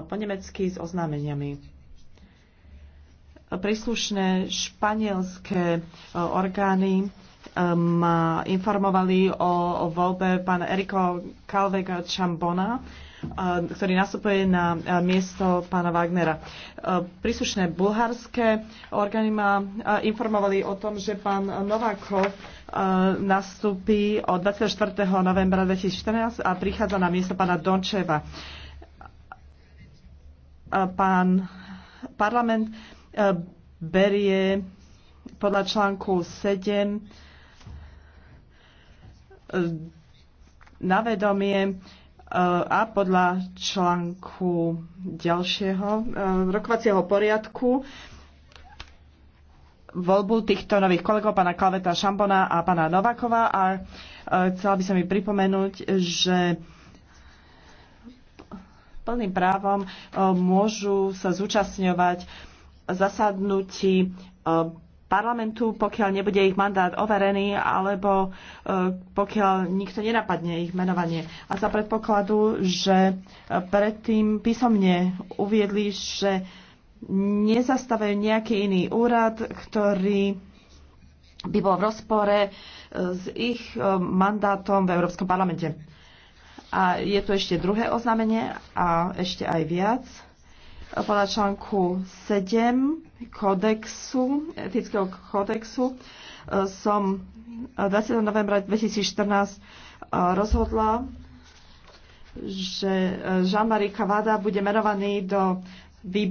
po nemecky s oznámeniami príslušné španielské e, orgány e, ma informovali o, voľbe pána Eriko Calvega Čambona, e, ktorý nastupuje na miesto pána Wagnera. Príslušné bulharské orgány ma informovali o tom, že pán Novakov nastúpi od 24. novembra 2014 a prichádza na miesto pána Dončeva pán parlament e, berie podľa článku 7 e, na vedomie e, a podľa článku ďalšieho rokovacieho poriadku voľbu týchto nových kolegov, pána Klaveta Šambona a pána Novakova. A chcela by som mi pripomenúť, že plným právom e, môžu sa zúčastňovať zasadnutí e, parlamentu, pokiaľ nebude ich mandát overený, alebo e, pokiaľ nikto nenapadne ich menovanie. A za predpokladu, že predtým písomne uviedli, že nezastavajú nejaký iný úrad, ktorý by bol v rozpore s ich mandátom v Európskom parlamente. A je tu ešte druhé oznámenie a ešte aj viac. Podľa článku 7 kodexu, etického kodexu e, som 20. novembra 2014 e, rozhodla, že e, Jean-Marie Cavada bude menovaný do výboru